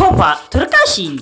tofa turkashi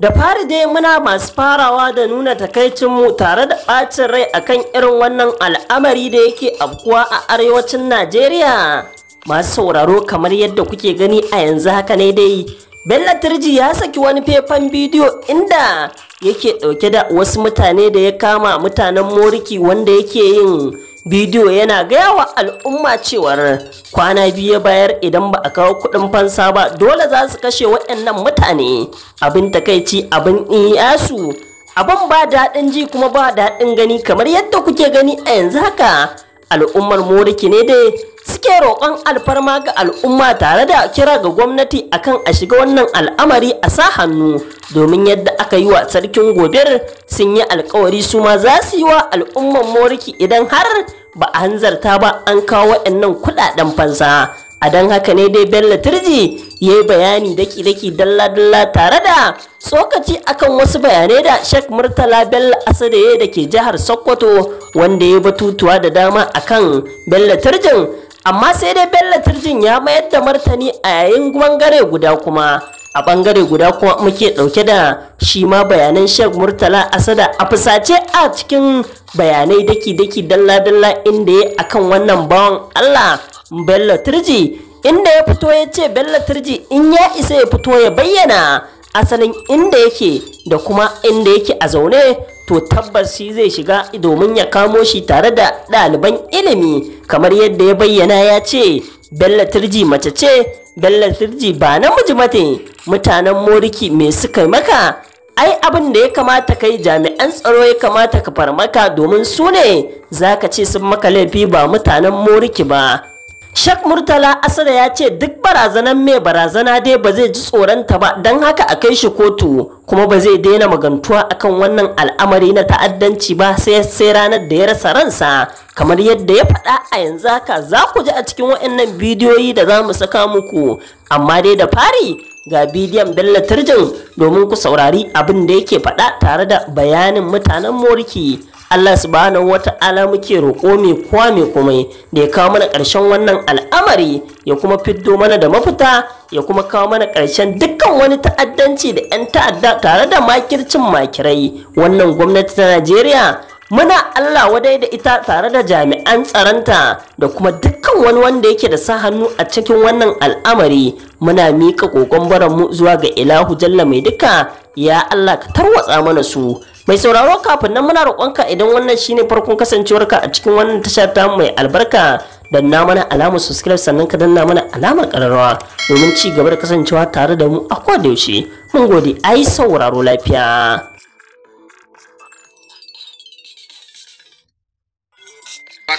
da fari dai muna masu farawa da nuna takaicin mu tare da ɓacin rai akan irin wannan al'amari da yake afkuwa a arewacin najeriya masu sauraro kamar yadda kuke gani a yanzu haka ne dai bello turji ya saki wani faifan bidiyo inda yake ɗauke da wasu mutane da ya kama mutanen moriki wanda yake yin bidiyo yana gaya wa al'umma cewar kwana biyu ya bayar idan ba a kawo kuɗin fansa ba dole za su kashe waɗannan mutane abin takaici abin iyasu abin ba daɗin ji kuma ba daɗin gani kamar yadda kuke gani a yanzu haka al'ummar moriki ne dai suke roƙon alfarma ga al'umma tare da kira ga gwamnati akan a shiga wannan al'amari a sa hannu domin yadda aka yi wa sarkin gobir sun yi alkawari su ma za su yi wa al'ummar moriki idan har ba a hanzarta ba an kawo waɗannan kuɗaɗen fansa a don haka ne dai bello turji ya yi bayani daki-daki dalla-dalla tare da tsokaci akan wasu bayanai da Sheikh Murtala Bello Asadaye da ke jihar Sokoto wanda ya batutuwa da dama akan Bello Turjin amma sai dai Bello Turjin ya mayar da martani a yayin bangare guda kuma a bangare guda kuma muke dauke da shi ma bayanan Sheikh Murtala Asada a fusace a cikin bayanai daki-daki dalla-dalla inda ya akan wannan bawan Allah Bello Turji inda ya fito ya ce bello turji in ya isa ya fito ya bayyana asalin inda yake da kuma inda yake a zaune to tabbas shi zai shiga domin ya kamo shi tare da ɗaliban ilimi kamar yadda ya bayyana ya ce bello turji mace ce bello turji ba namiji mate mutanen moriki me suka maka ai abin da ya kamata kai jami'an tsaro ya kamata ka farmaka domin su ne za ka ce sun maka laifi ba mutanen moriki ba Shek Murtala Asada ya ce duk barazanan mai barazana dai ba zai ji tsoronta ba don haka a kai shi kotu kuma ba zai daina magantuwa akan wannan al'amari na ta'addanci ba sai sai ranar da ya rasa ransa kamar yadda ya faɗa a yanzu haka za ku ji a cikin waɗannan bidiyoyi da za mu saka muku amma dai da fari ga bidiyon Bello Turjin domin ku saurari abin da yake faɗa tare da bayanin mutanen Moriki. Allah subhanahu ala muke roƙo mai kowa mai komai da ya kawo mana ƙarshen wannan al'amari ya kuma fiddo mana da mafita ya kuma kawo mana ƙarshen dukkan wani ta'addanci da 'yan ta'adda tare da makircin makirai wannan gwamnati ta Najeriya muna Allah wadai da ita tare da jami'an tsaronta da kuma dukkan wani wanda yake da sa hannu a cikin wannan al'amari muna miƙa ƙoƙon mu zuwa ga ilahu jalla mai duka ya Allah ka tarwatsa mana su mai sauraro kafin nan muna roƙonka idan wannan shine farkon kasancewarka a cikin wannan tashar ta mai albarka na mana alamar subscribe sannan ka danna mana alamar ƙararrawa domin ci gaba da kasancewa tare da mu a yaushe, mun gode ai sauraro lafiya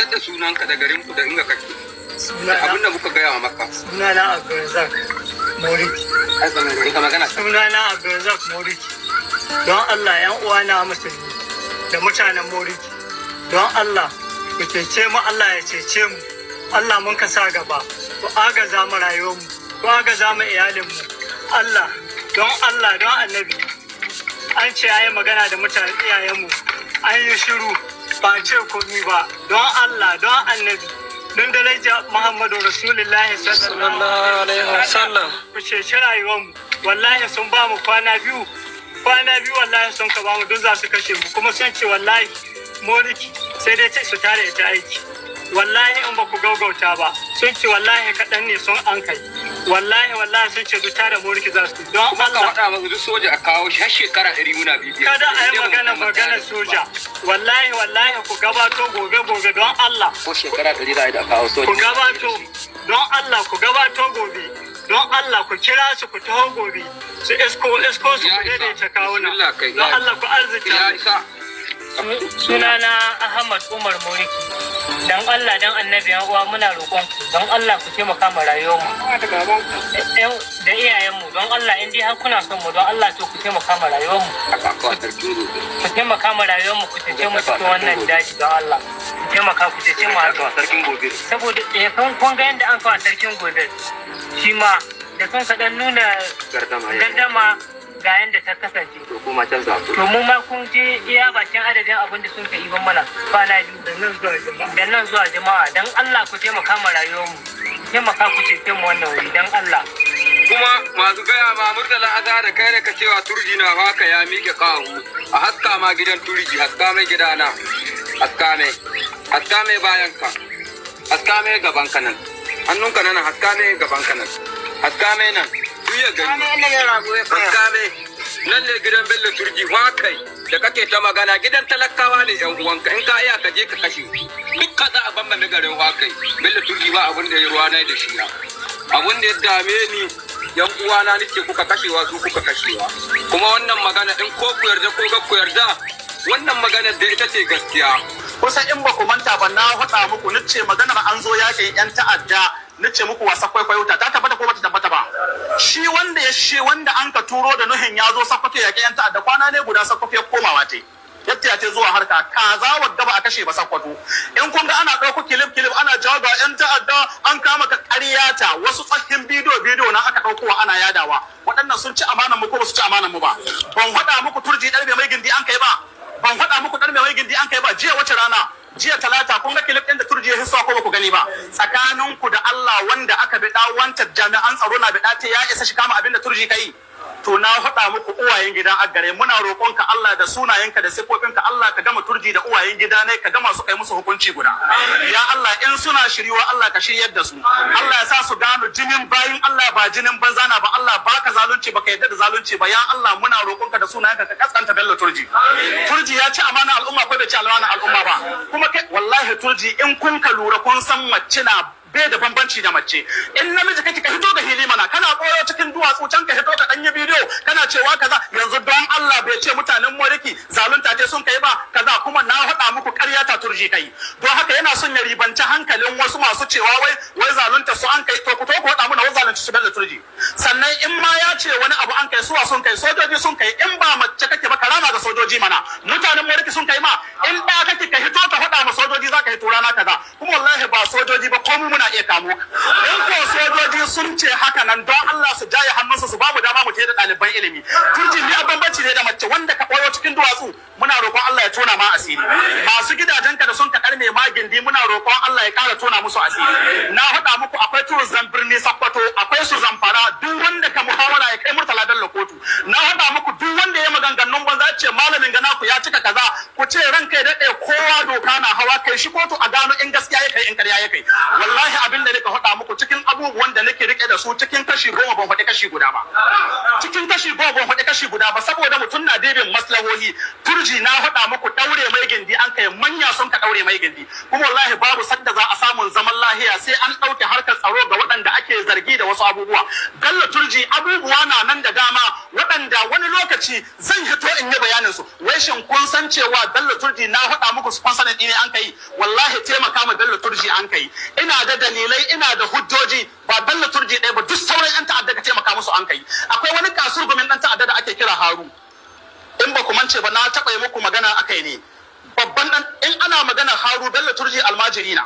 fitar da sunanka da garin ku da inga kake abin da muka gaya maka sunana abdulrazak moriki sunana abdulrazak moriki don allah yan na musulmi da mutanen moriki don allah ku cece mu allah ya cece mu allah mun ka sa gaba ku agaza mu rayuwarmu ku agaza mu mu allah don allah don annabi an ce ya yi magana da iyayen iyayenmu an yi shiru ba ce komi ba don Allah don annabi don daraja Muhammadu Rasulullahi sallallahu alaihi wasallam ku ceci rayuwarmu wallahi sun ba mu kwana biyu kwana biyu wallahi sun ka ba mu don za su kashe mu kuma sun ce wallahi moriki sai dai ce su tare ita aiki wallahi in ba ku gaugauta ba sun ce wallahi kaɗan ne sun an kai wallahi wallahi sun ce zuta da mulki za su don Allah faɗa maka soja a kawo shi har shekara ɗari muna bibiya kada a yi magana magana soja wallahi wallahi ku gabato gobe gobe don Allah ko shekara ɗari za a yi da kawo soja ku gabato don Allah ku gabato gobe don Allah ku kira su ku taho gobe su isko esko su ku daidaita kawuna don Allah ku arzita sunana ahmad umar moriki dan allah dan annabi yan uwa muna roƙon don allah ku taimaka ma rayuwarmu da iyayenmu don allah in dai har kuna son mu don allah to ku taimaka ma rayuwarmu ku taimaka ma rayuwarmu ku tace mu cikin wannan daji don allah ku taimaka ku tace mu saboda ya eh, san kun ga yadda an kawo sarkin gobe shi ma da sun dan nuna gardama ga yadda ta kasance. To mu ma kun je iya bakin adadin abin da sun ka iban mana kwana biyu. Da nan zuwa jama'a. Dan Allah ku taimaka ma rayuwarmu. Taimaka ku ce mu wannan wuri dan Allah. kuma masu gaya ma murtala aza da kai da ka cewa turji na haka ya miƙe kawo a haska ma gidan turji haska mai gidana haska mai haska mai bayan ka haska mai gaban ka nan hannun ka nan haska mai gaban ka nan haska mai nan duk gani kaskame nan ne gidan bello turji ma da kake ta magana gidan talakawa ne yan uwanka in ka iya ka je ka kashe duk ka za a bamba na garin wa bello turji ba abin da ya ruwa na da shi abin da ya dame ni yan uwana nake kuka kashewa su kuka kashewa kuma wannan magana in ko ku yarda ko ga ku yarda wannan maganar da ita ce gaskiya kusa in ba ku manta ba na faɗa muku nace maganar an zo yakin yan ta'adda na ce muku wasa kwaikwayo ta tabbata ko bata tabbata ba shi wanda ya shi wanda an ka turo da nuhin ya zo sakwafe ya ga yan ta'adda kwana ne guda sakwafe ya komawa te yadda ya ce zuwa harka kaza wa gaba a kashe ba sakwato in kun ga ana ɗauko kilif kilif ana jawo ga yan ta'adda an kama ka ta wasu tsakin bidiyo bidiyo na aka ɗaukowa ana yadawa waɗannan sun ci amanan mu ko ba su ci amanan mu ba ban faɗa muku turji ɗarbe mai gindi an kai ba ban faɗa muku ɗarbe mai gindi an kai ba jiya wace rana jiya talata kun ga kilif ɗin da turji ya hisuwa ko ba ku gani ba tsakaninku da Allah wanda aka bi ɗawanta jami'an tsaro na bi ɗate ya isa shi kama abin da turji ka yi to na faɗa muku uwayen gidan agare muna roƙonka Allah da sunayenka da sifofinka Allah ka gama turji da uwayen gida ne ka gama su kai musu hukunci guda ya Allah in suna shiryuwa Allah ka shiryar da su Allah ya sa su gano jinin bayin Allah ba jinin banza na, ba Allah baka zalunci ba ka yadda da zalunci ba ya Allah muna roƙonka da sunayenka ka kaskanta bello turji turji ya ci amana al'umma ko bai ci amana al'umma ba kuma kai wallahi turji in kun ka lura kun san mace na bai da bambanci da mace in namiji kake ka hito da hili mana kana koyo cikin duwatsu can ka hito ka dan bidiyo kana cewa kaza yanzu don Allah bai ce mutanen moriki zalunta ce sun kai ba kaza kuma na faɗa muku ƙarya ta turji kai don haka yana son ya ribanci hankalin wasu masu cewa wai wai zalunta su an kai to ku to ku faɗa mana wai zalunta su bella turji sannan in ma ya ce wani abu an kai suwa sun kai sojoji sun kai in ba mace kake ba karama ga sojoji mana mutanen moriki sun kai ma in ba kake ka hito ka faɗa ma sojoji za ka hito rana kaza kuma wallahi ba sojoji ba ko muna iya kamo ka in ko sojoji sun ce haka nan don Allah su jaye hannunsa su babu dama mu da ɗaliban ilimi turji ni bambanci ne da mace wanda ka koyo cikin duwatsu muna roƙon Allah ya tona ma asiri masu gidajen ka da sun ka karme ma gindi muna roƙon Allah ya ƙara tona musu asiri na haɗa muku akwai turzan birni sakkwato akwai su zamfara duk wanda ka muhawara ya kai murtala dalla kotu na hada muku za ce malamin gana ku ya cika kaza ku ce ranka ya daɗe kowa doka na hawa kai shi kotu a gano in gaskiya ya kai in karya ya kai wallahi abin da nika faɗa muku cikin abubuwan da nake rike da su cikin kashi goma ban faɗi kashi guda ba cikin kashi goma ban faɗi kashi guda ba saboda mutum na dibin maslahohi turji na faɗa muku ɗaure mai gindi an kai manya sun ka ɗaure mai gindi kuma wallahi babu sanda za a samun zaman lahiya sai an ɗauke harkar tsaro ga waɗanda ake zargi da wasu abubuwa galla turji abubuwa na nan da dama waɗanda wani lokaci zan hito in ne bayanin su wai shin kun san cewa Bello Turji na faɗa muku sponsorin ɗine an kai wallahi taimaka ma Bello Turji an kai ina da dalilai ina da hujjoji ba Bello Turji ɗaya ba duk sauran yan ta'adda ka taimaka musu an kai akwai wani kasur gumin ɗan ta'adda da ake kira Haru in ba ku mance ba na taɓa yi muku magana akai ne babban ɗan in ana magana Haru Bello Turji almajiri na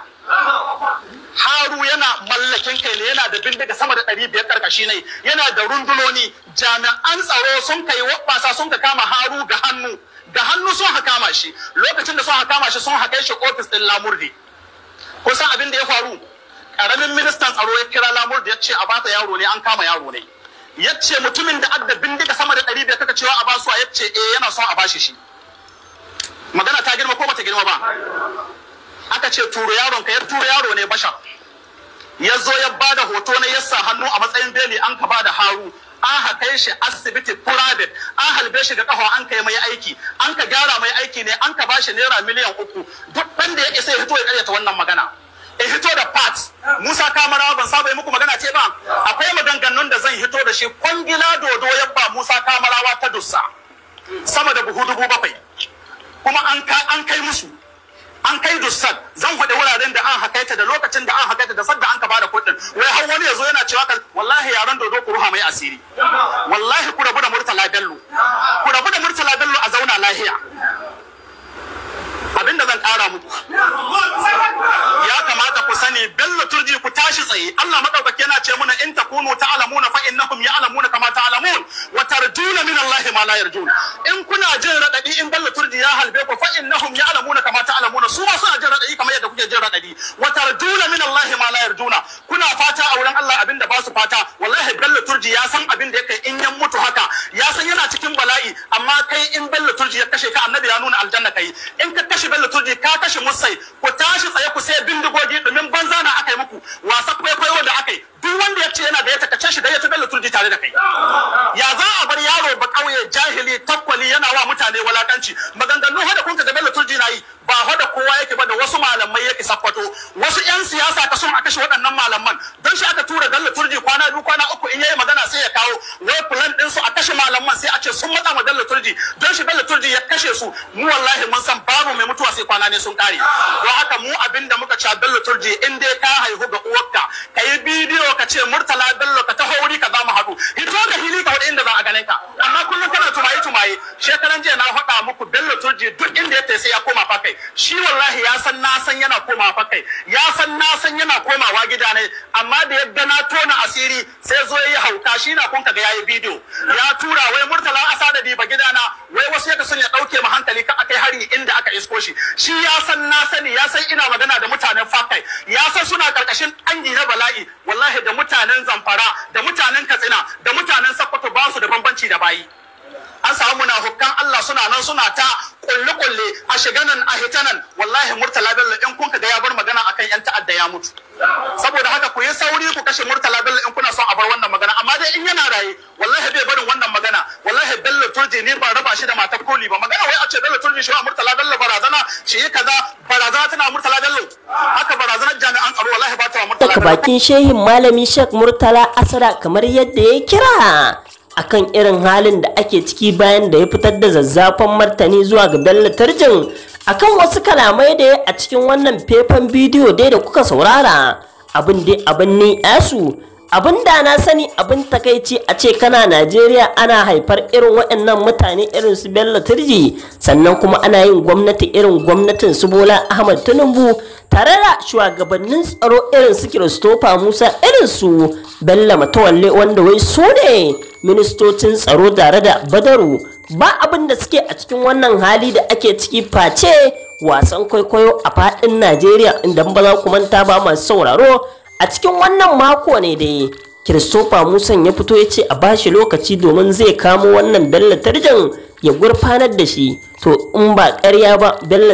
haru yana mallakin kai ne yana da bindiga sama da ɗari biyar ƙarƙashi ne yana da rundunoni jami'an tsaro sun kai wasa sun ka kama haru ga hannu ga hannu sun haka kama shi lokacin da sun haka kama shi sun haka shi ofis ɗin lamurdi kusan abin da ya faru ƙaramin ministan tsaro ya kira lamurdi ya ce a bata yaro ne an kama yaro ne ya ce mutumin da adda bindiga sama da ɗari biyar kaka cewa a basuwa ya ce eh yana son a bashi shi magana ta girma ko ta girma ba aka ce turo yaron ka ya turo yaro ne basha ya zo ya ba da hoto na yasa hannu a matsayin beli an ka bada haru an haƙe shi asibiti private an halbe shi ga kafa an kai mai aiki an ka gyara mai aiki ne an ka shi naira miliyan uku duk wanda ya isa ya fito ya karyata wannan magana in hito da part Musa kamara ban saba yi muku magana ce ba akwai maganganun da zan hito da shi kwangila dodo ya ba Musa Kamarawa ta dussa sama da buhu dubu bakwai kuma an kai musu an kai dusar zan faɗi wuraren da an hakaita da lokacin da an hakaita da sadda an ka bada kuɗin wai har wani yazo yana cewa kan wallahi yaran dodo ku ruha mai asiri wallahi ku rabu da murtala bello ku rabu da murtala bello a zauna lahiya abinda zan ƙara muku ne bello turji ku tashi tsaye Allah madaukaki yana ce muna in takunu ta'lamuna fa innakum ya'lamuna kama ta'lamun wa tarjuna min Allah ma la yarjun in kuna jin radadi in bello turji ya halbe ku fa innahum ya'lamuna kama ta'lamuna su ma suna jin radadi kamar yadda kuke jin radadi wa tarjuna min Allah ma la yarjuna kuna fata a wurin Allah abinda ba su fata wallahi bello turji ya san abin da yake amma kai in bello turji ya kashe ka annabi ya nuna aljanna kai in ka kashe bello turji ka kashe musai ku tashi tsaye ku sai bindigogi domin banza na aka yi muku wasa kwaikwayo da aka duk wanda ya ce yana da ya takace shi da ya bello turji tare da kai ya za a bar yaro ba kauye jahili takwali yana wa mutane walakanci maganganu hada kun ka da bello turji na yi ba hada kowa yake ba da wasu malamai yake sakwato wasu yan siyasa ka sun aka shi waɗannan malaman don shi aka tura bello turji kwana biyu kwana uku in yayi magana sai ya kawo wai plan din su a kashe sai a ce sun matsa ma Bello Turji don shi Bello Turji ya kashe su mu wallahi mun san babu mai mutuwa sai kwana ne sun kare don haka mu abinda muka ci Bello Turji in dai ka haihu ga uwarka ka yi bidiyo ka ce Murtala Bello ka taho wuri ka za mu haɗu hito ga hili ka wani inda za a ganin ka amma kullum kana tumaye tumaye shekaran jiya na faɗa muku Bello Turji duk inda ya sai ya koma fakai shi wallahi ya san na san yana komawa fakai ya san na san yana komawa gida ne amma da yadda na tona asiri sai zo yi hauka shi na kun kaga yayi bidiyo ya tura wai murtala asa da ba gidana wai wasu yadda sun ya dauke mu hankali ka akai hari inda aka isko shi shi ya san na sani ya san ina magana da mutanen fakai ya san suna karkashin dangi na bala'i wallahi da mutanen zamfara da mutanen katsina da mutanen sakkwato ba su da bambanci da bayi an samu hukkan Allah suna nan suna ta kulle-kulle a shiga nan a hita nan wallahi murtala bello in kun ga ya bar magana akan yan ta'adda ya mutu saboda haka ku yi sauri ku kashe murtala bello in kuna son a bar wannan magana amma dai in yana raye wallahi bai barin wannan magana wallahi bello turji ne ba raba shi da matar koli ba magana wai a ce bello turji shi wa murtala bello barazana shi yi kaza barazana tana murtala bello haka barazanar jami'an tsaro wallahi ba ta murtala bello bakin shehin malami shek murtala asara kamar yadda ya kira akan irin halin da ake ciki bayan da ya fitar da zazzafan martani zuwa ga Bello Tarjin akan wasu kalamai da ya a cikin wannan faifan bidiyo dai da kuka saurara abin dai abin ni yasu abin da na sani abin takaici a ce kana Najeriya ana haifar irin waɗannan mutane irin su Bello Turji sannan kuma ana yin gwamnati irin gwamnatin su Bola Ahmad Tinubu tare da shugabannin tsaro irin su Christopher Musa irin su Bello Matawalle wanda wai su ne ministocin tsaro tare da badaru ba abin da suke a cikin wannan hali da ake ciki face wasan kwaikwayo a faɗin najeriya inda ba za ku manta ba masu sauraro a cikin wannan mako ne dai Christopher Musan ya fito ya ce a bashi lokaci domin zai kamo wannan Bello ya gurfanar da shi to in ba karya ba Bello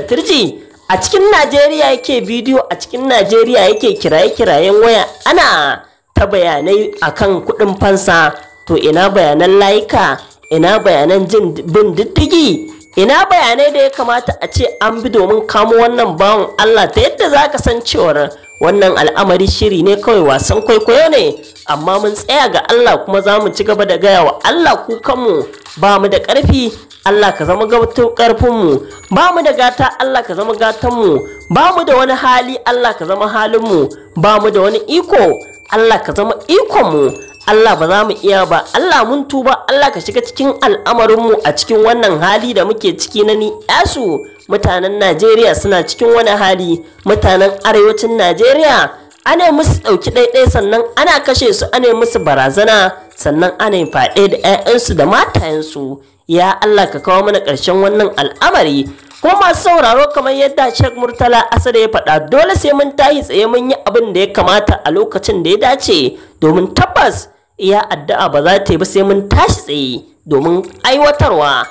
a cikin Najeriya yake bidiyo a cikin Najeriya yake kiraye-kirayen waya ana ta bayanai akan kuɗin fansa to ina bayanan layika ina bayanan jin bin diddigi ina bayanai da ya kamata a ce an bi domin kamo wannan bawan Allah ta yadda za ka san cewar wannan al'amari shiri ne kawai wasan kwaikwayo ne amma mun tsaya ga Allah kuma za mu ci gaba da gaya wa Allah kukanmu. kanmu ba mu da ƙarfi Allah ka zama gabatar ƙarfinmu ba mu da gata Allah ka zama gatanmu ba mu da wani hali Allah ka zama halinmu ba mu da wani iko Allah ka zama ikonmu Allah ba za mu iya ba Allah mun tuba Allah ka shiga cikin al'amarinmu a cikin wannan hali da muke ciki na ni yasu mutanen Najeriya suna cikin wani hali mutanen arewacin Najeriya ana musu ɗauki ɗaiɗai sannan ana kashe su ana musu barazana sannan ana faɗe da 'ya'yansu da matayensu ya Allah ka kawo mana ƙarshen wannan al'amari kuma masu sauraro kamar yadda Sheikh Murtala Asad ya faɗa dole sai mun tahi tsaye mun yi abin da ya kamata a lokacin da ya dace domin tabbas iya addu'a ba za ta yi ba sai mun tashi tsaye domin aiwatarwa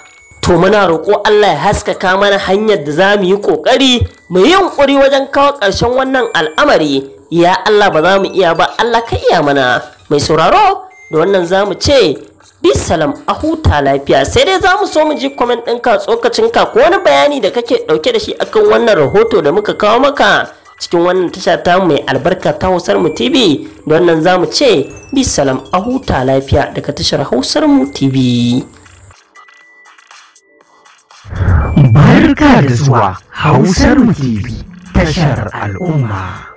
to muna roƙo Allah ya haskaka mana hanyar da za mu yi ƙoƙari mu yi yunƙuri wajen kawo ƙarshen wannan al'amari ya Allah ba za mu iya ba Allah ka iya mana mai sauraro da wannan za mu ce bisalam a huta lafiya sai dai za mu so mu ji comment ɗinka tsokacin ka ko wani bayani da kake ɗauke da shi akan wannan rahoto da muka kawo maka cikin wannan tasha ta mai albarka ta hausar mu tv nan za mu ce bisalam a huta lafiya daga tashar hausar mu tv barka da zuwa hausar mu tv tashar al'umma